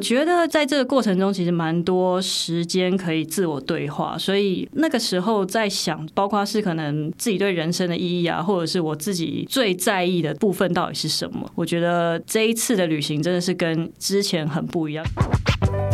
我覺得在這個過程中，其實蠻多時間可以自我對話，所以那個時候在想，包括是可能自己對人生的意義啊，或者是我自己最在意的部分到底是什麼。我覺得這一次的旅行真的是跟之前很不一樣。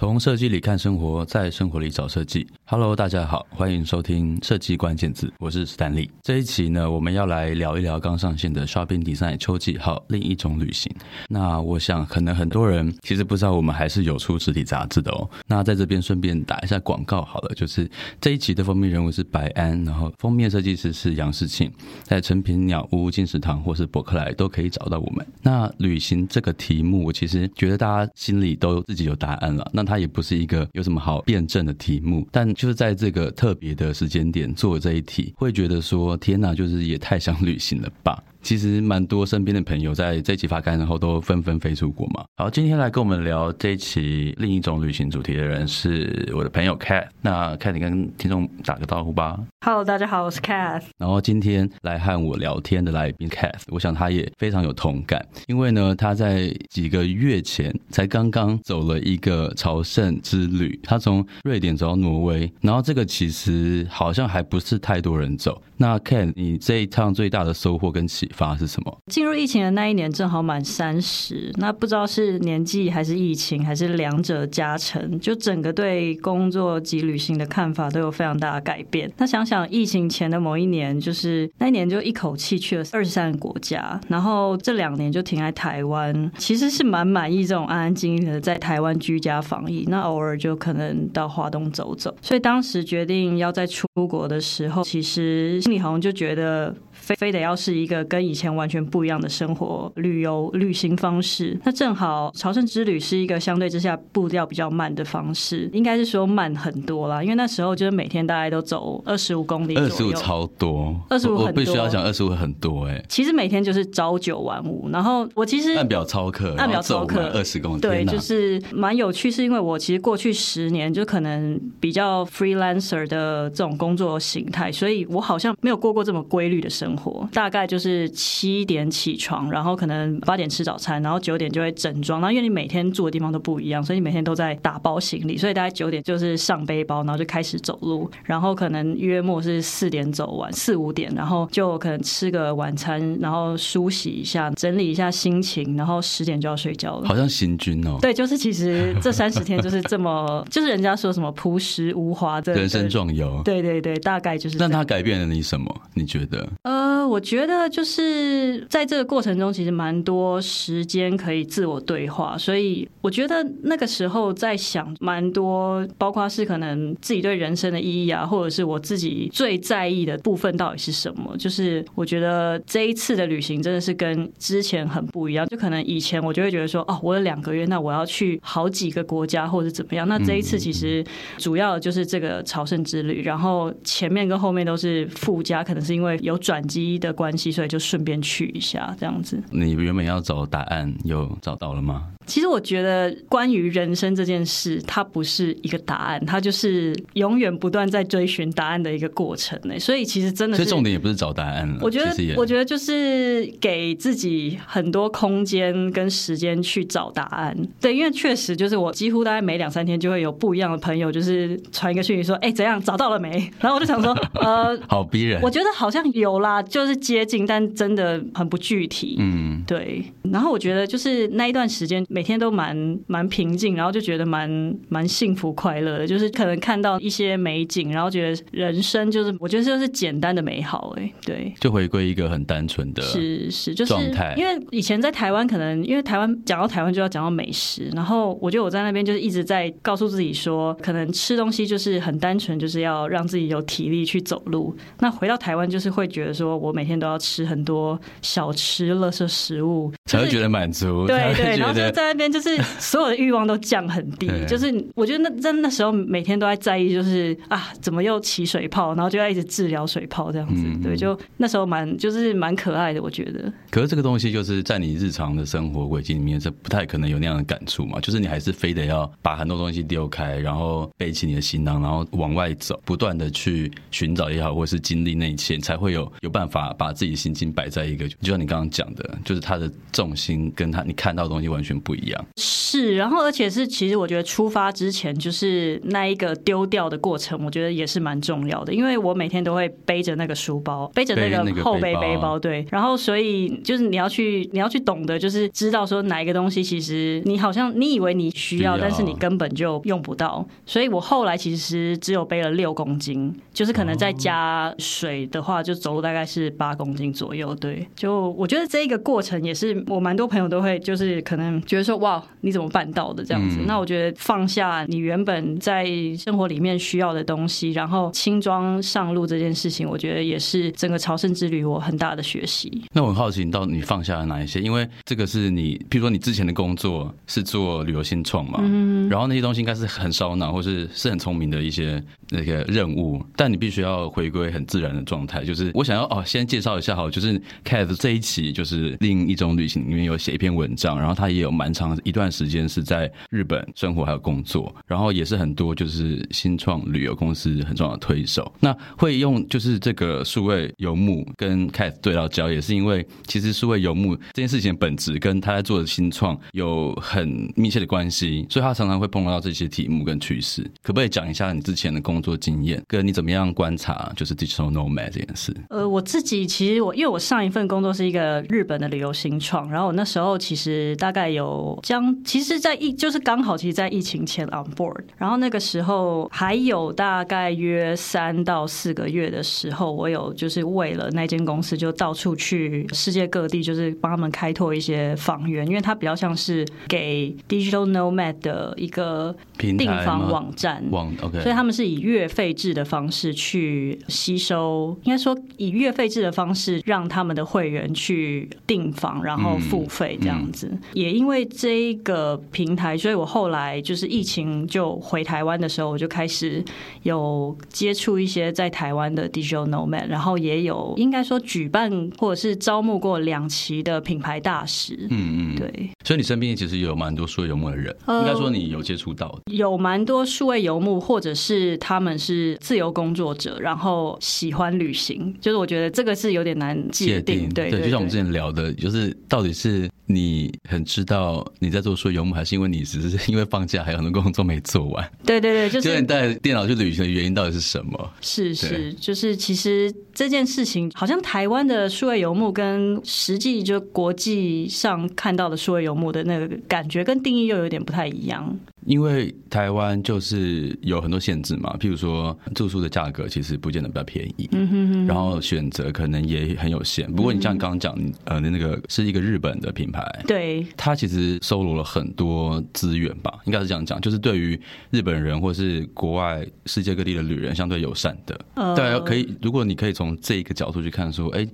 從設計裡看生活，在生活裡找設計。Hello，大家好，歡迎收聽《設計關鍵字》，我是 Stanley。這一期呢，我們要來聊一聊剛上線的 Shopping Design 秋季號，另一種旅行。那我想，可能很多人其實不知道，我們還是有出實體雜誌的哦。那在這邊順便打一下廣告好了。就是這一期的封面人物是白安，然後封面設計師是楊世慶，在誠品、蔦屋、金石堂或是博客來都可以找到我們。那旅行這個題目，我其實覺得大家心裡都自己有答案了。那它也不是一個有什麼好辯證的題目，但就是在這個特別的時間點做這一題，會覺得說：天吶，就是也太想旅行了吧。其實蠻多身邊的朋友在這一期發刊的時候都紛紛飛出國嘛。好，今天來跟我們聊這一期另一種旅行主題的人是我的朋友 Cath。那 Cath，你跟聽眾打個招呼吧。Hello，大家好，我是 Cath。然後今天來和我聊天的來賓 Cath，我想他也非常有同感，因為呢，他在幾個月前才剛剛走了一個朝聖之旅，他從瑞典走到挪威，然後這個其實好像還不是太多人走。那 Cath，你這一趟最大的收穫跟起發是什麼？進入疫情的那一年正好滿三十，那不知道是年紀還是疫情，還是兩者加成，就整個對工作及旅行的看法都有非常大的改變。那想想疫情前的某一年，就是那一年就一口氣去了二十三個國家，然後這兩年就停在台灣，其實是蠻滿意這種安安靜靜的在台灣居家防疫。那偶爾就可能到華東走走，所以當時決定要再出國的時候，其實心裡好像就覺得。非非得要是一個跟以前完全不一樣的生活、旅遊、旅行方式，那正好朝聖之旅是一個相對之下步調比較慢的方式，應該是說慢很多啦。因為那時候就是每天大概都走二十五公里，二十五超多，二十五我必須要講二十五很多哎、欸。其實每天就是朝九晚五，然後我其實按表操課，按表操課二十公里、啊，對，就是蠻有趣，是因為我其實過去十年就可能比較 freelancer 的這種工作形態，所以我好像沒有過過這麼規律的生活。大概就是七點起床，然後可能八點吃早餐，然後九點就會整裝。然後因為你每天住的地方都不一樣，所以你每天都在打包行李，所以大概九點就是上背包，然後就開始走路。然後可能約莫是四點走完，四五點，然後就可能吃個晚餐，然後梳洗一下，整理一下心情，然後十點就要睡覺了。好像行軍哦。對，就是其實這三十天就是這麼， 就是人家說什麼樸實無華的人生壯遊。對對對，對，對，對，大概就是。那他改變了你什麼？你覺得？呃。呃，我覺得就是在這個過程中，其實蠻多時間可以自我對話，所以我覺得那個時候在想蠻多，包括是可能自己對人生的意義啊，或者是我自己最在意的部分到底是什麼？就是我覺得這一次的旅行真的是跟之前很不一樣，就可能以前我就會覺得說，哦，我有兩個月，那我要去好幾個國家或者怎麼樣。那這一次其實主要就是這個朝聖之旅，嗯、然後前面跟後面都是附加，可能是因為有轉。機的關係，所以就順便去一下這樣子。你原本要找答案，有找到了嗎？其實我覺得，關於人生這件事，它不是一個答案，它就是永遠不斷在追尋答案的一個過程，欸。呢。所以其實真的，所以重點也不是找答案，我覺得，我覺得就是給自己很多空間跟時間去找答案。對，因為確實就是我幾乎大概每兩三天就會有不一樣的朋友，就是傳一個訊息說：“哎、欸，怎樣，找到了沒？”然後我就想說：“呃， 好逼人。”我覺得好像有啦。就是接近，但真的很不具體。嗯，對。然後我覺得就是那一段時間，每天都蠻蠻平靜，然後就覺得蠻蠻幸福快樂的。就是可能看到一些美景，然後覺得人生就是，我覺得這就是簡單的美好。哎，對，就回歸一個很單純的是是狀態。是是就是、因為以前在台灣，可能因為台灣講到台灣就要講到美食，然後我覺得我在那邊就是一直在告訴自己說，可能吃東西就是很單純，就是要讓自己有體力去走路。那回到台灣，就是會覺得說。我每天都要吃很多小吃、垃圾食物，就是，才會覺得滿足。對對，然後就在那邊，就是所有的慾望都降很低。 就是我覺得那在那時候，每天都在在意，就是啊，怎麼又起水泡，然後就要一直治療水泡這樣子。嗯、對，就那時候蠻就是蠻可愛的，我覺得。可是這個東西就是在你日常的生活軌迹裡面，是不太可能有那樣的感觸嘛？就是你還是非得要把很多東西丟開，然後背起你的行囊，然後往外走，不斷的去尋找也好，或是經歷那一切，才會有有辦。辦法把自己心情擺在一個，就像你剛剛講的，就是他的重心跟他你看到的東西完全不一樣。是，然後而且是，其實我覺得出發之前就是那一個丟掉的過程，我覺得也是蠻重要的。因為我每天都會背着那個書包，背着那個後背背包，背那個背包，對。然後，所以就是你要去，你要去懂得，就是知道說哪一個東西，其實你好像你以為你需要，需要，但是你根本就用不到。所以我後來其實只有背了六公斤，就是可能再加水的話，就走路大概。是八公斤左右，對，就我覺得這一個過程也是我蠻多朋友都會就是可能覺得說哇，你怎麼辦到的這樣子，嗯。那我覺得放下你原本在生活裡面需要的東西，然後輕裝上路這件事情，我覺得也是整個朝聖之旅我很大的學習。那我很好奇，你到底放下了哪一些？因為這個是你，譬如說你之前的工作是做旅遊新創嘛，嗯，然後那些東西應該是很燒腦或是是很聰明的一些那個任務，但你必須要回歸很自然的狀態，就是我想要哦。先介紹一下好，就是 Cath 這一期就是另一種旅行裡面有寫一篇文章，然後他也有蠻長一段時間是在日本生活還有工作，然後也是很多就是新創旅遊公司很重要的推手。那會用就是這個數位游牧跟 Cath 對到焦也是因為其實數位游牧這件事情的本質跟他在做的新創有很密切的關係，所以他常常會碰到到這些題目跟趨勢。可不可以講一下你之前的工作經驗跟你怎麼樣觀察就是 digital nomad 這件事？呃，我。自己其實我，因為我上一份工作是一個日本的旅遊新創，然後我那時候其實大概有將，其實在一，在疫就是剛好其實在疫情前 on board，然後那個時候還有大概約三到四個月的時候，我有就是為了那間公司就到處去世界各地，就是幫他們開拓一些房源，因為它比較像是給 digital nomad 的一個訂房網站網，okay，所以他們是以月費制的方式去吸收，應該說以月。配置的方式讓他們的會員去訂房，然後付費這樣子，嗯嗯。也因為這一個平台，所以我後來就是疫情就回台灣的時候，我就開始有接觸一些在台灣的 Digital Nomad，然後也有應該說舉辦或者是招募過兩期的品牌大使。嗯嗯，對。所以你身邊其實也有蠻多數位游牧的人，嗯、應該說你有接觸到有蠻多數位游牧，或者是他們是自由工作者，然後喜歡旅行，就是我覺得。這個是有點難界定，界定對對，對，就像我們之前聊的，就是到底是你很知道你在做數位遊牧，還是因為你只是因為放假還有很多工作沒做完？對對對，就是你帶電腦去旅行的原因到底是什麼？是是，就是其實這件事情好像台灣的數位游牧跟實際就國際上看到的數位游牧的那個感覺跟定義又有點不太一樣。因為台灣就是有很多限制嘛，譬如說住宿的價格其實不見得比較便宜，嗯哼哼，然後選擇可能也很有限。不過你像你剛剛講，嗯，呃，那個是一個日本的品牌，對，它其實收羅了很多資源吧，應該是這樣講，就是對於日本人或是國外世界各地的旅人相對友善的。對，哦，可以，如果你可以從這一個角度去看，說，哎，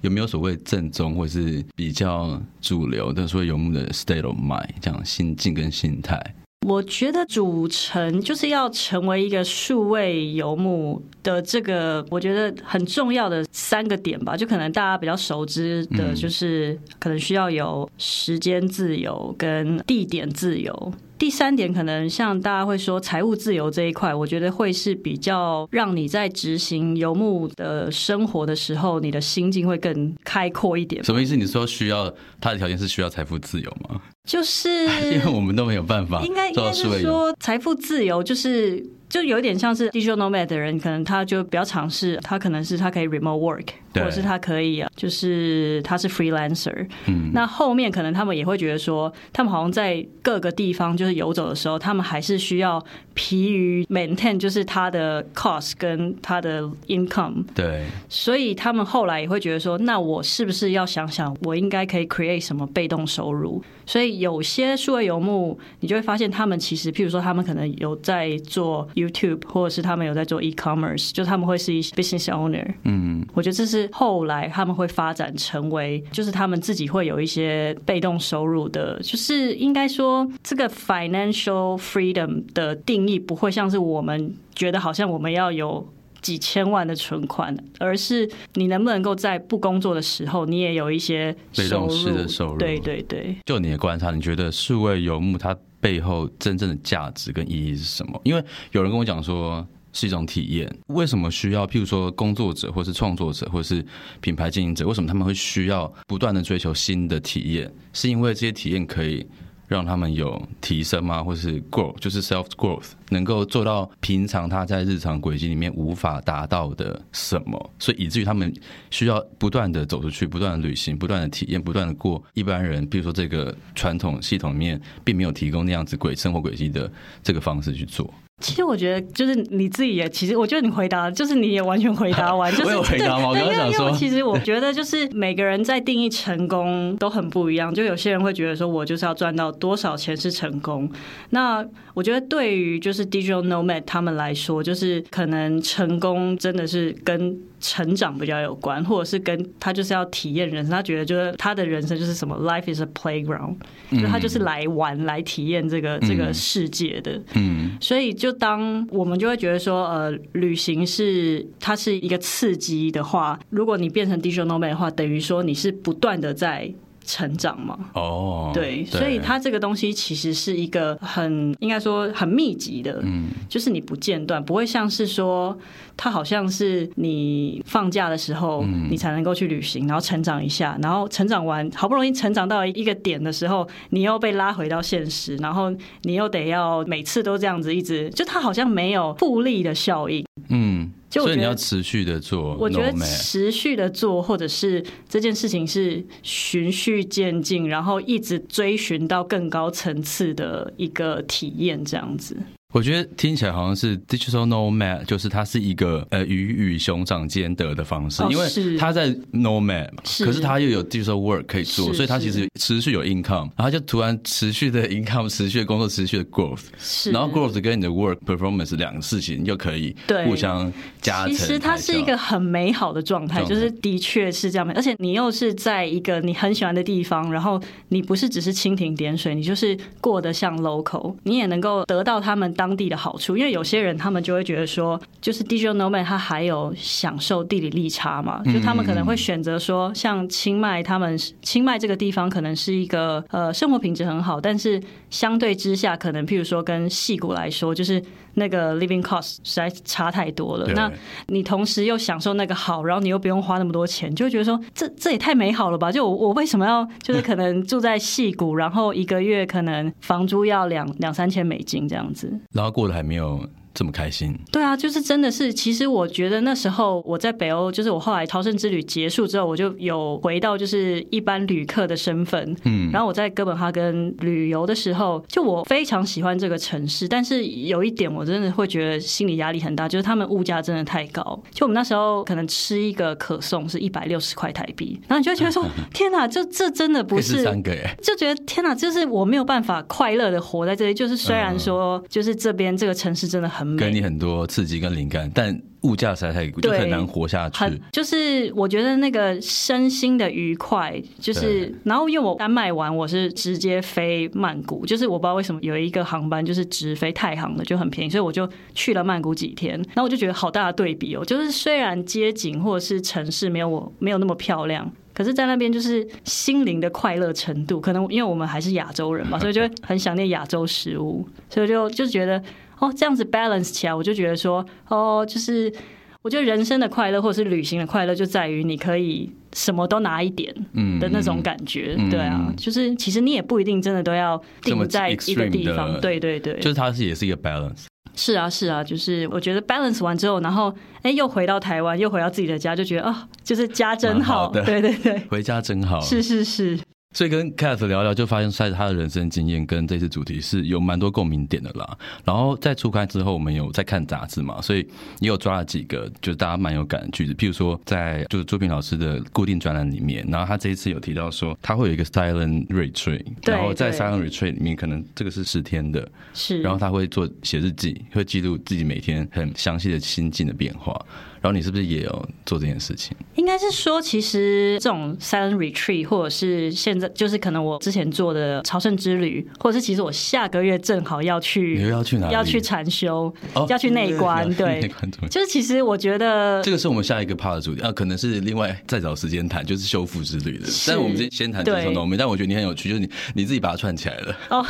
有沒有所謂正宗或是比較主流的所謂游牧的 state of mind，這樣心境跟心態。我覺得組成就是要成為一個數位游牧的這個，我覺得很重要的三個點吧，就可能大家比較熟知的，就是可能需要有時間自由跟地點自由。第三點可能像大家會說財務自由這一塊，我覺得會是比較讓你在執行游牧的生活的時候，你的心境會更開闊一點。什麼意思？你說需要他的條件是需要財富自由嗎？就是因為我們都沒有辦法。應該應該是說財富自由，就是就有點像是 Digital Nomad 的人，可能他就比較嘗試，他可能是他可以 remote work。對，或者是他可以啊，就是他是 freelancer。嗯，那後面可能他們也會覺得說，他們好像在各個地方就是游走的時候，他們還是需要疲於 maintain，就是他的 cost 跟他的 income。對。所以他們後來也會覺得說，那我是不是要想想，我應該可以 create 什麼被動收入？所以有些數位游牧，你就會發現他們其實，譬如說他們可能有在做 YouTube，或者是他們有在做 e-commerce，就他們會是一 business owner。嗯，我覺得這是。後來他們會發展成為，就是他們自己會有一些被動收入的，就是應該說，這個 financial freedom 的定義不會像是我們覺得好像我們要有幾千萬的存款，而是你能不能夠在不工作的時候，你也有一些被動式的收入。對對對，就你的觀察，你覺得數位游牧它背後真正的價值跟意義是什麼？因為有人跟我講說。是一種體驗，為什麼需要？譬如說，工作者，或是創作者，或是品牌經營者，為什麼他們會需要不斷的追求新的體驗？是因為這些體驗可以讓他們有提升嗎？或是 growth，就是 self growth，能夠做到平常他在日常軌跡裡面無法達到的什麼？所以以至於他們需要不斷的走出去，不斷的旅行，不斷的體驗，不斷的過，一般人，譬如說這個傳統系統裡面，並沒有提供那樣子軌生活軌迹的這個方式去做。其實我覺得，就是你自己也，其實我覺得你回答，就是你也完全回答完，啊、我有回答嗎？就是對。我有回答嗎？對啊，我剛剛想說，因為其實我覺得，就是每個人在定義成功都很不一樣。就有些人會覺得說，我就是要賺到多少錢是成功。那我覺得，對於就是 Digital Nomad 他們來說，就是可能成功真的是跟。成長比較有關，或者是跟他就是要體驗人生，他覺得就是他的人生就是什麼，Life is a playground，、嗯就是、他就是來玩，來體驗這個、嗯、這個世界的。嗯，所以就當我們就會覺得說，呃，旅行是它是一個刺激的話，如果你變成 digital nomad 的話，等於說你是不斷地在。成長嘛，哦、oh，對，所以它這個東西其實是一個很應該說很密集的，嗯，就是你不間斷，不會像是說，它好像是你放假的時候，嗯，你才能夠去旅行，然後成長一下，然後成長完，好不容易成長到一個點的時候，你又被拉回到現實，然後你又得要每次都這樣子，一直就它好像沒有複利的效應，嗯。所以你要持續的做，我覺得持續的做，no、或者是這件事情是循序漸進，然後一直追尋到更高層次的一個體驗，這樣子。我覺得聽起來好像是 digital nomad，就是它是一個呃魚與熊掌兼得的方式，哦、是因為他在 nomad 嘛是，可是他又有 digital work 可以做，所以他其實持續有 income，然後就突然持續的 income，持續的工作，持續的 growth，然後 growth 跟你的 work performance 兩個事情，你就可以互相加成，對。其實它是一個很美好的狀態，就是的確是這樣，而且你又是在一個你很喜歡的地方，然後你不是只是蜻蜓點水，你就是過得像 local，你也能夠得到他們當。當地的好處，因為有些人他們就會覺得說，就是 digital nomad 他還有享受地理利差嘛，就他們可能會選擇說，像清邁他們，清邁這個地方可能是一個呃生活品質很好，但是相對之下，可能譬如說跟矽谷來說，就是那個 living cost 實在差太多了。那你同時又享受那個好，然後你又不用花那麼多錢，就會覺得說，這這也太美好了吧？就我，我為什麼要就是可能住在矽谷， 然後一個月可能房租要兩兩三千美金這樣子。然後過得還沒有。這麼開心？對啊，就是真的是，其實我覺得那時候我在北歐，就是我後來朝聖之旅結束之後，我就有回到就是一般旅客的身份。嗯，然後我在哥本哈根旅遊的時候，就我非常喜歡這個城市，但是有一點我真的會覺得心理壓力很大，就是他們物價真的太高。就我們那時候可能吃一個可頌是一百六十塊台幣，然後你就會覺得說 天哪，這這真的不是，三個耶，就覺得天哪，就是我沒有辦法快樂的活在這裡。就是雖然說，就是這邊這個城市真的很。給你很多刺激跟靈感，但物價實在太貴，就很難活下去。就是我覺得那個身心的愉快，就是然後因為我剛賣完，我是直接飛曼谷，就是我不知道為什麼有一個航班就是直飛泰航的就很便宜，所以我就去了曼谷幾天。然後我就覺得好大的對比哦，就是雖然街景或者是城市沒有我沒有那麼漂亮，可是，在那邊就是心靈的快樂程度，可能因為我們還是亞洲人嘛，所以就會很想念亞洲食物，okay. 所以就就覺得。哦，這樣子 balance 起來，我就覺得說，哦，就是我覺得人生的快樂或者是旅行的快樂，就在於你可以什麼都拿一點的，那種感覺，嗯、對啊、嗯，就是其實你也不一定真的都要定在一個地方，對對對，就是它是也是一個 balance，是啊是啊，就是我覺得 balance 完之後，然後哎、欸、又回到台灣，又回到自己的家，就覺得哦，就是家真好，好，對對對，回家真好，是是是。所以跟 Cath 聊聊，就發現 Cath 他的人生經驗跟這次主題是有蠻多共鳴點的啦。然後在初開之後，我們有在看雜誌嘛，所以也有抓了幾個就是大家蠻有感的句子。譬如說，在就是朱平老師的固定專欄裡面，然後他這一次有提到說，他會有一個 Silent Retreat，然後在 Silent Retreat 裡面，可能這個是十天的，是，然後他會做寫日記，會記錄自己每天很詳細的心境的變化。然後你是不是也有做這件事情？應該是說，其實這種 silent retreat，或者是現在就是可能我之前做的朝聖之旅，或者是其實我下個月正好要去，要去哪？要去禪修、哦？要去內觀？對,對,關對,關對關，就是其實我覺得這個是我們下一個 part 的主題啊，可能是另外再找時間談，就是修復之旅的是。但我們先先談這種東西。但我覺得你很有趣，就是你你自己把它串起來了哦，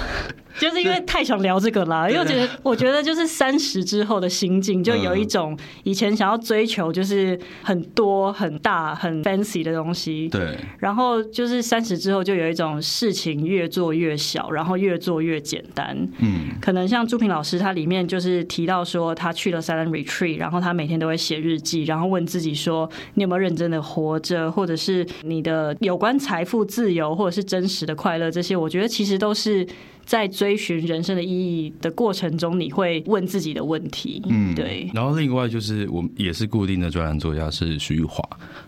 就是因為太想聊這個啦，因為我覺得我覺得就是三十之後的心境，就有一種以前想要追。追求就是很多很大很 fancy 的東西，對。然後就是三十之後就有一種事情越做越小，然後越做越簡單。嗯，可能像朱平老師他裡面就是提到說，他去了 silent retreat，然後他每天都會寫日記，然後問自己說，你有沒有認真的活着，或者是你的有關財富自由或者是真實的快樂這些，我覺得其實都是。在追尋人生的意義的過程中，你會問自己的問題。嗯，對。然後另外就是，我們也是固定的專欄作家是徐玉華，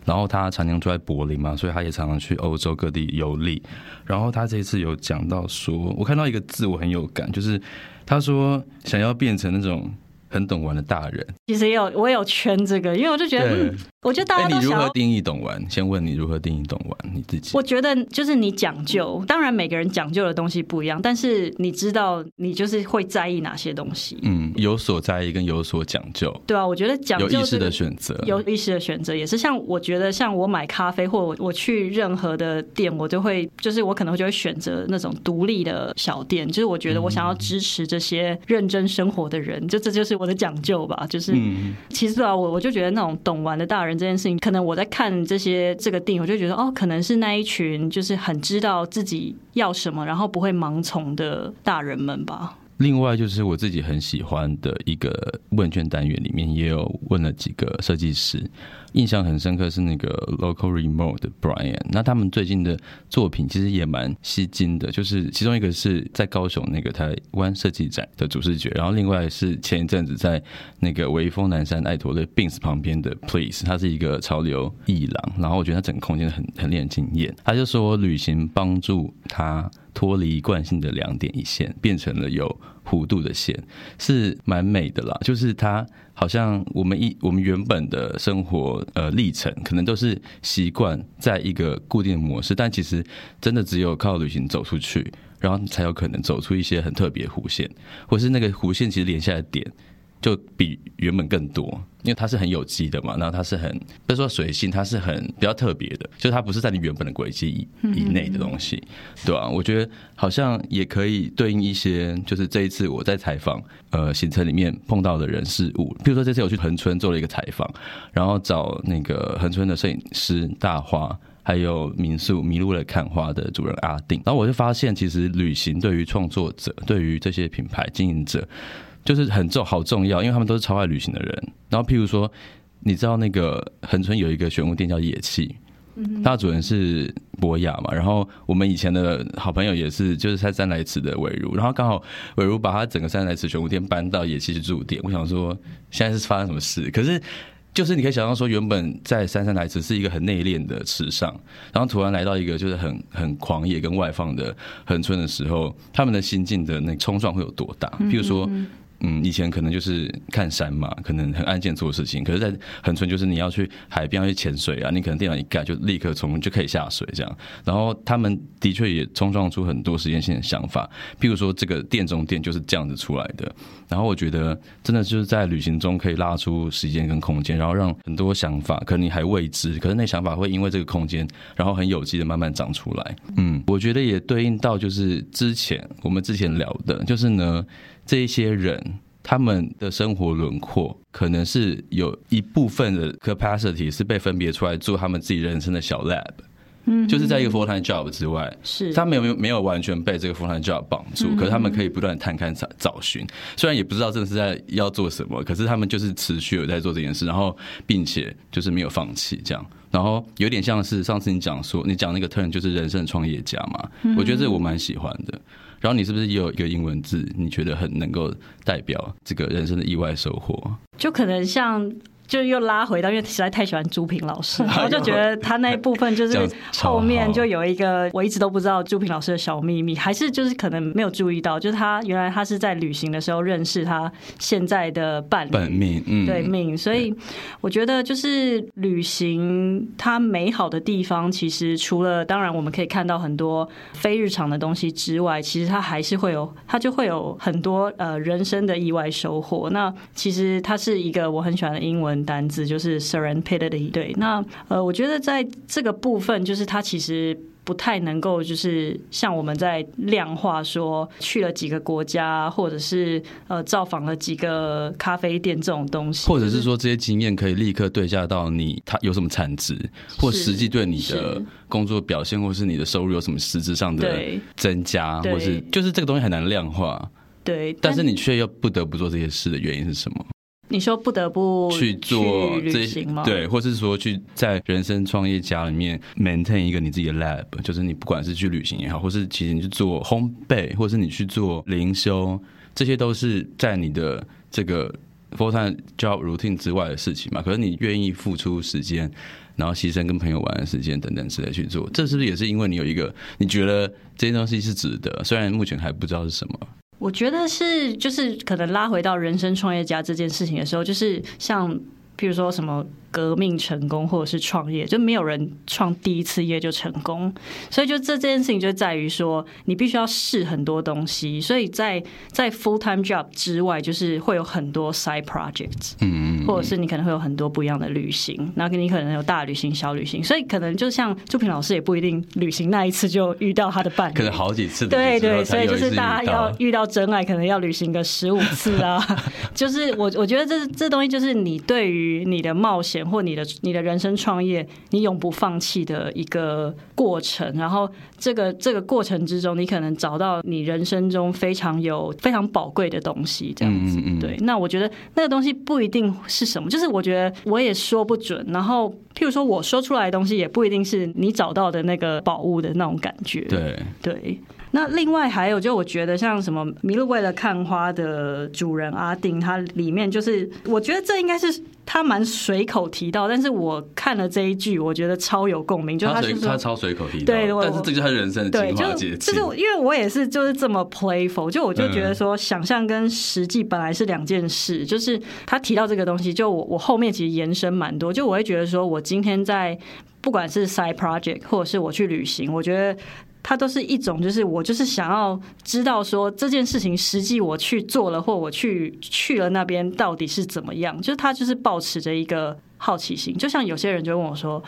然後他常年住在柏林嘛，所以他也常常去歐洲各地遊歷。然後他這一次有講到說，我看到一個字，我很有感，就是他說想要變成那種。很懂玩的大人，其實也有我也有圈這個，因為我就覺得，嗯、我覺得大家都想要、欸、你如何定義懂玩？先問你如何定義懂玩你自己？我覺得就是你講究，當然每個人講究的東西不一樣，但是你知道你就是會在意哪些東西。嗯，有所在意跟有所講究，對啊，我覺得講究有意識的選擇，有意識的選擇也是像我覺得像我買咖啡或我我去任何的店，我就會就是我可能會就會選擇那種獨立的小店，就是我覺得我想要支持這些認真生活的人，就這就是我。我的講究吧，就是、嗯、其實啊，我我就覺得那種懂玩的大人這件事情，可能我在看這些這個電影，我就覺得哦，可能是那一群就是很知道自己要什麼，然後不會盲從的大人們吧。另外就是我自己很喜歡的一個問卷單元裡面，也有問了幾個設計師，印象很深刻是那個 local remote 的 Brian。那他們最近的作品其實也蠻吸睛的，就是其中一個是在高雄那個台灣設計展的主視覺，然後另外是前一陣子在那個微風南山愛駝的 Bins 旁邊的 Place，他是一個潮流藝廊。然後我覺得他整個空間很很令人驚艷。他就說旅行幫助他，脫離慣性的兩點一線，變成了有弧度的線，是蠻美的啦。就是它好像我們一我們原本的生活呃歷程，可能都是習慣在一個固定的模式，但其實真的只有靠旅行走出去，然後才有可能走出一些很特別弧線，或是那個弧線其實連下的點。就比原本更多，因為它是很有機的嘛，然後它是很不是說隨性，它是很比較特別的，就是它不是在你原本的軌跡以以內的東西，對啊，我覺得好像也可以對應一些，就是這一次我在採訪呃行程裡面碰到的人事物，比如說這次我去恆春做了一個採訪，然後找那個恆春的攝影師大花，還有民宿迷路了看花的主人阿定，然後我就發現，其實旅行對於創作者，對於這些品牌經營者。就是很重好重要，因為他們都是超愛旅行的人。然後，譬如說，你知道那個恆春有一個選物店叫野氣，他的主人是博雅嘛。然後，我們以前的好朋友也是，就是在三來池的偉如。然後剛好偉如把他整個三來池選物店搬到野氣去住店。我想說，現在是發生什麼事？可是，就是你可以想象說，原本在三三來池是一個很內斂的池上，然後突然來到一個就是很很狂野跟外放的恆春的時候，他們的心境的那衝撞會有多大？譬如說。嗯，以前可能就是看山嘛，可能很安靜做事情。可是在，在很純，就是你要去海邊要去潛水啊，你可能電腦一蓋就立刻從就可以下水這樣。然後他們的確也衝撞出很多實驗性的想法，譬如說這個店中店就是這樣子出來的。然後我覺得真的就是在旅行中可以拉出時間跟空間，然後讓很多想法可能你還未知，可是那想法會因為這個空間，然後很有機的慢慢長出來。嗯，我覺得也對應到就是之前我們之前聊的，就是呢。這一些人，他們的生活輪廓可能是有一部分的 capacity 是被分別出來做他們自己人生的小 lab，嗯，就是在一個 full time job 之外，是，他們有沒有沒有完全被這個 full time job 綁住，嗯，可是他們可以不斷探勘，找找尋，雖然也不知道這是在要做什麼，可是他們就是持續有在做這件事，然後並且就是沒有放棄這樣，然後有點像是上次你講說，你講那個 term 就是人生的創業家嘛，嗯，我覺得這我蠻喜歡的。然後你是不是也有一個英文字，你覺得很能夠代表這個人生的意外收穫？就可能像。就又拉回到，因為實在太喜歡朱平老師， 我就覺得他那一部分就是後面就有一個我一直都不知道朱平老師的小秘密，還是就是可能沒有注意到，就是他原來他是在旅行的時候認識他現在的伴侶本命，嗯，對，命，所以我覺得就是旅行它美好的地方，其實除了當然我們可以看到很多非日常的東西之外，其實它還是會有，它就會有很多呃人生的意外收穫。那其實它是一個我很喜歡的英文。單字就是 Serendipity。對，那呃，我覺得在這個部分，就是它其實不太能夠，就是像我們在量化說去了幾個國家，或者是呃造訪了幾個咖啡店這種東西，或者是說這些經驗可以立刻對價到你，它有什麼產值是，或實際對你的工作表現，或是你的收入有什麼實質上的增加，或是就是這個東西很難量化。對，但是你卻又不得不做這些事的原因是什麼？你說不得不去做旅行嗎這？對，或是說去在人生創業家裡面 maintain 一個你自己的 lab，就是你不管是去旅行也好，或是其實你去做烘焙，或是你去做零售，這些都是在你的這個 full time job routine 之外的事情嘛。可是你願意付出時間，然後犧牲跟朋友玩的時間等等之類的去做，這是不是也是因為你有一個你覺得這些東西是值得？雖然目前還不知道是什麼。我覺得是，就是可能拉回到人生創業家這件事情的時候，就是像，譬如說什麼。革命成功，或者是創業，就沒有人創第一次業就成功。所以，就這件事情，就在於說，你必須要試很多東西。所以在在 full time job 之外，就是會有很多 side projects，嗯，或者是你可能會有很多不一樣的旅行。然後你可能有大旅行、小旅行。所以，可能就像朱平老師也不一定旅行那一次就遇到他的伴侶，可能好幾次對對對。對對，所以就是大家要遇到真愛，可能要旅行個十五次啊。 就是我我覺得這這東西就是你對於你的冒險或你的你的人生創業，你永不放棄的一個過程。然後這個這個過程之中，你可能找到你人生中非常有非常寶貴的東西，這樣子嗯嗯。對，那我覺得那個東西不一定是什麼，就是我覺得我也說不準。然後，譬如說我說出來的東西，也不一定是你找到的那個寶物的那種感覺。對對。那另外還有，就我覺得像什麼麋鹿為了看花的主人阿丁，他裡面就是，我覺得這應該是他蠻隨口提到，但是我看了這一句，我覺得超有共鳴，就是他超隨口提到，對，對，但是這就是他人生的精華節。其、就是、因為我也是就是這麼 playful，就我就覺得說想象跟實際本來是兩件事，嗯，就是他提到這個東西，就我我後面其實延伸蠻多，就我會覺得說我今天在不管是 side project 或者是我去旅行，我覺得。他都是一種，就是我就是想要知道說這件事情實際我去做了，或我去去了那邊到底是怎麼樣，就是他就是保持着一個好奇心，就像有些人就問我說。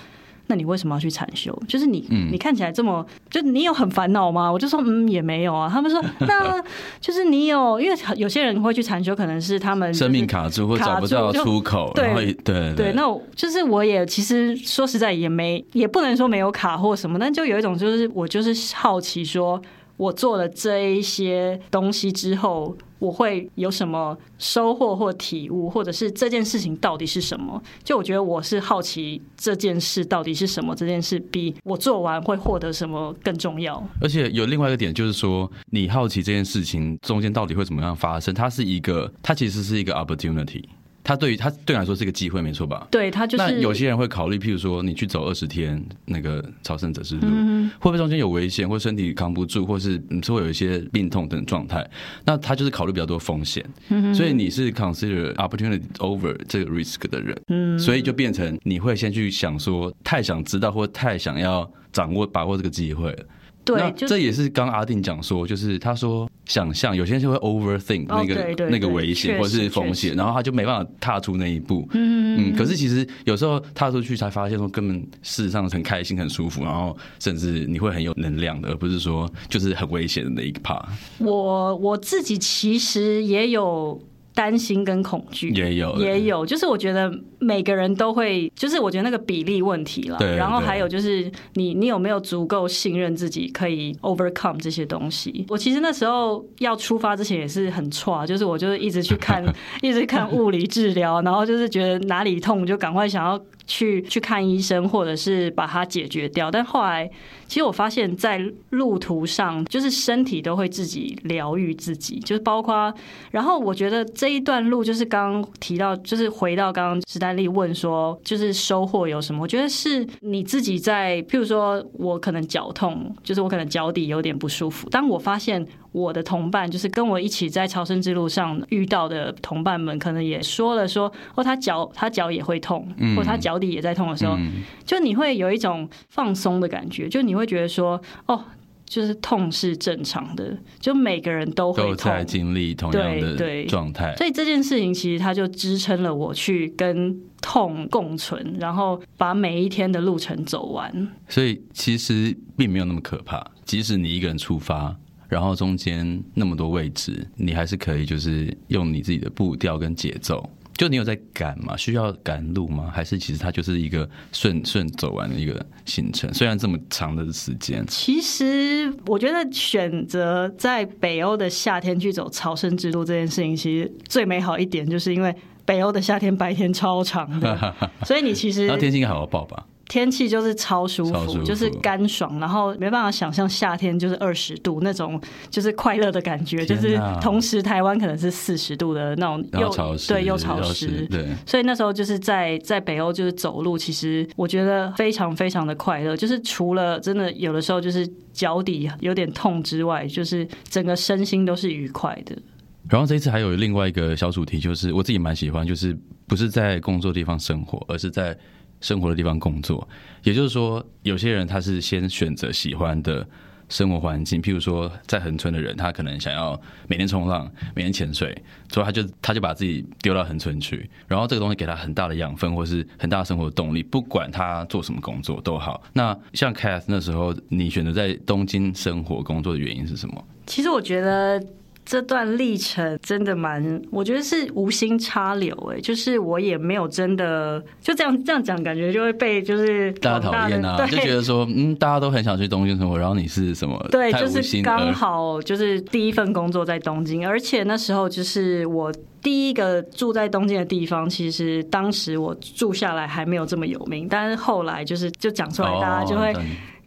那你為什麼要去禪修？就是你、嗯，你看起來這麼，就你有很煩惱嗎？我就說，嗯，也沒有啊。他們說，那就是你有，因為有些人會去禪修，可能是他們是生命卡住或找不到出口。對對對，對，那我就是我也其實說實在也沒，也不能說沒有卡或什麼，但就有一種就是我就是好奇說，說我做了這一些東西之後。我會有什麼收穫或體悟，或者是這件事情到底是什麼？就我覺得我是好奇這件事到底是什麼，這件事比我做完會獲得什麼更重要。而且有另外一個點就是說，你好奇這件事情中間到底會怎麼樣發生？它是一個，它其實是一個 opportunity。他對於他對你來說是一個機會，沒錯吧？對他就是。但有些人會考慮，譬如說，你去走二十天那個朝聖者之路，嗯會不會中間有危險，或身體扛不住，或是你會有一些病痛等狀態？那他就是考慮比較多風險，嗯，所以你是 consider opportunity over 這個 risk 的人，嗯，所以就變成你會先去想說，太想知道或太想要掌握把握這個機會了。對就是、那這也是剛剛阿定講說，就是他說想象有些人就會 overthink 那個、哦、對對對那個危險或是風險，然後他就沒辦法踏出那一步。嗯嗯。可是其實有時候踏出去才發現說，根本事實上很開心，很舒服，然後甚至你會很有能量的，而不是說就是很危險的那一個 part。我我自己其實也有。擔心跟恐懼也有也有，也有對對對，就是我覺得每個人都會，就是我覺得那個比例問題了。對，對，然後還有就是你你有沒有足夠信任自己，可以 overcome 這些東西？我其實那時候要出發之前也是很差，就是我就是一直去看， 一直看物理治療，然後就是覺得哪裡痛就趕快想要。去去看醫生，或者是把它解決掉。但後來，其實我發現，在路途上，就是身體都會自己療癒自己，就是包括。然後，我覺得這一段路就是剛剛提到，就是回到剛剛史丹利問說，就是收穫有什麼？我覺得是你自己在，譬如說我可能腳痛，就是我可能腳底有點不舒服，但我發現。我的同伴就是跟我一起在朝聖之路上遇到的同伴們，可能也說了說，哦，他腳他腳也會痛，嗯、或他腳底也在痛的時候，嗯、就你會有一種放鬆的感覺，就你會覺得說，哦，就是痛是正常的，就每個人都會痛都在經歷同樣的狀態。所以這件事情其實它就支撐了我去跟痛共存，然後把每一天的路程走完。所以其實並沒有那麼可怕，即使你一個人出發。然後中間那麼多位置，你還是可以就是用你自己的步調跟節奏。就你有在趕嗎？需要趕路嗎？還是其實它就是一個順順走完的一個行程？雖然這麼長的時間。其實我覺得選擇在北歐的夏天去走朝聖之路這件事情，其實最美好一點就是因為北歐的夏天白天超長的， 所以你其實然後天氣應該好好爆吧？天氣就是超舒服，舒服就是乾爽，然後沒辦法想象夏天就是二十度那種，就是快樂的感覺，天啊。就是同時，台灣可能是四十度的那種又潮濕。對，又對又潮濕。對，所以那時候就是在在北歐，就是走路，其實我覺得非常非常的快樂。就是除了真的有的時候就是腳底有點痛之外，就是整個身心都是愉快的。然後這一次還有另外一個小主題，就是我自己蠻喜歡，就是不是在工作地方生活，而是在。生活的地方工作，也就是說，有些人他是先選擇喜歡的生活環境，譬如說在恆春的人，他可能想要每天衝浪，每天潛水，所以他就他就把自己丟到恆春去，然後這個東西給他很大的養分，或是很大的生活的動力，不管他做什麼工作都好。那像 Cath 那時候，你選擇在東京生活工作的原因是什麼？其實我覺得。這段歷程真的蠻，我覺得是無心插柳哎、欸，就是我也沒有真的就這樣這樣講，感覺就會被就是大家討厭啊，對，就覺得說，嗯，大家都很想去東京生活，然後你是什麼？對，就是剛好就是第一份工作在東京，而且那時候就是我第一個住在東京的地方，其實當時我住下來還沒有這麼有名，但是後來就是就講出來、哦、大家就會。嗯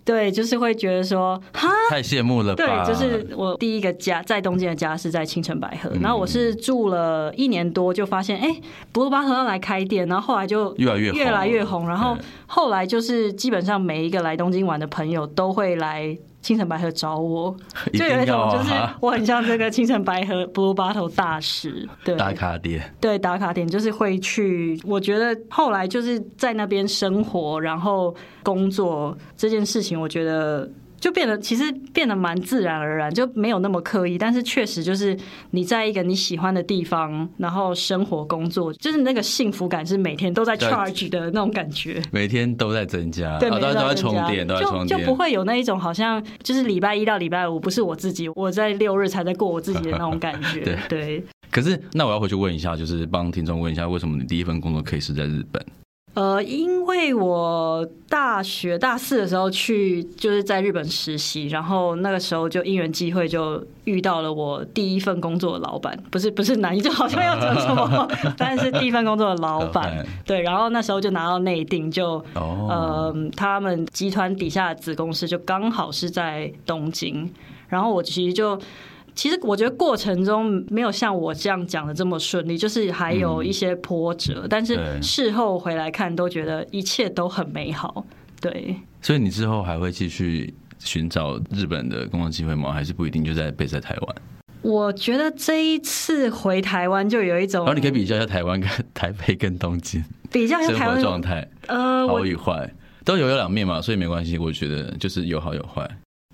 對，就是會覺得說，哈，太羨慕了吧！對，就是我第一個家在東京的家是在清澄白河、嗯，然後我是住了一年多，就發現哎，Blue Bottle 要來開店，然後後來就越來越紅越來越紅，然後後來就是基本上每一個來東京玩的朋友都會來。青城白河找我，啊、就有一種就是我很像這個青城白河 Blue Bottle 大使，對，對，對，打卡點，對打卡點，就是會去。我覺得後來就是在那邊生活，然後工作這件事情，我覺得。就變得其實變得蠻自然而然，就沒有那麼刻意。但是確實就是你在一個你喜歡的地方，然後生活工作，就是那個幸福感是每天都在 charge 的那種感覺，每天都在增加，對，每天都在充電、哦，都在充電，就不會有那一種好像就是禮拜一到禮拜五不是我自己，我在六日才在過我自己的那種感覺。 對,對，可是那我要回去問一下，就是幫聽眾問一下，為什麼你第一份工作可以是在日本？呃，因為我大學大四的時候去，就是在日本實習，然後那個時候就因緣際會就遇到了我第一份工作的老闆，不是不是男，就好像要怎麼怎麼， 但是第一份工作的老闆，Okay. 對，然後那時候就拿到內定，就，Oh. 呃，他們集團底下的子公司就剛好是在東京，然後我其實就。其實我覺得過程中沒有像我這樣講得這麼順利，就是還有一些波折，嗯、但是事後回來看，都覺得一切都很美好。對，所以你之後還會繼續尋找日本的工作機會嗎？還是不一定就在北在台灣？我覺得這一次回台灣就有一種，然後你可以比較一下台灣跟台北跟東京比較像台灣生活狀態，呃、好與壞都有有兩面嘛，所以沒關係。我覺得就是有好有壞。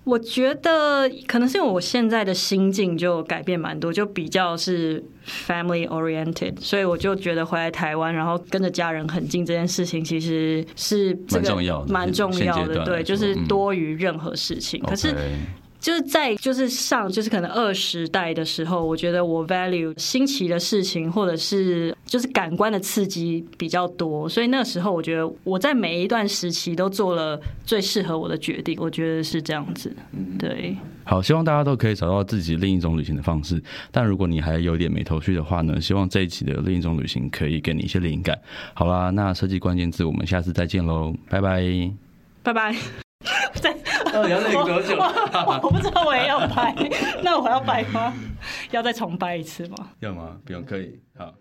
我覺得可能是因為我現在的心境就改變蠻多，就比較是 family oriented，所以我就覺得回來台灣，然後跟着家人很近這件事情，其實是蠻重要的，蠻重要的，對，就是多於任何事情。可是、嗯。Okay. 就是在就是上就是可能二十代的時候，我覺得我 value 新奇的事情或者是就是感官的刺激比較多，所以那時候我覺得我在每一段時期都做了最適合我的決定，我覺得是這樣子。對，好，希望大家都可以找到自己另一種旅行的方式。但如果你還有點沒頭緒的話呢，希望這一期的另一種旅行可以給你一些靈感。好啦，那設計關鍵字，我們下次再見嘍，拜拜，拜拜。在要等多久？我不知道，我也要拍， 那我要拍嗎？要再重拍一次嗎？要嗎？不用，可以，好。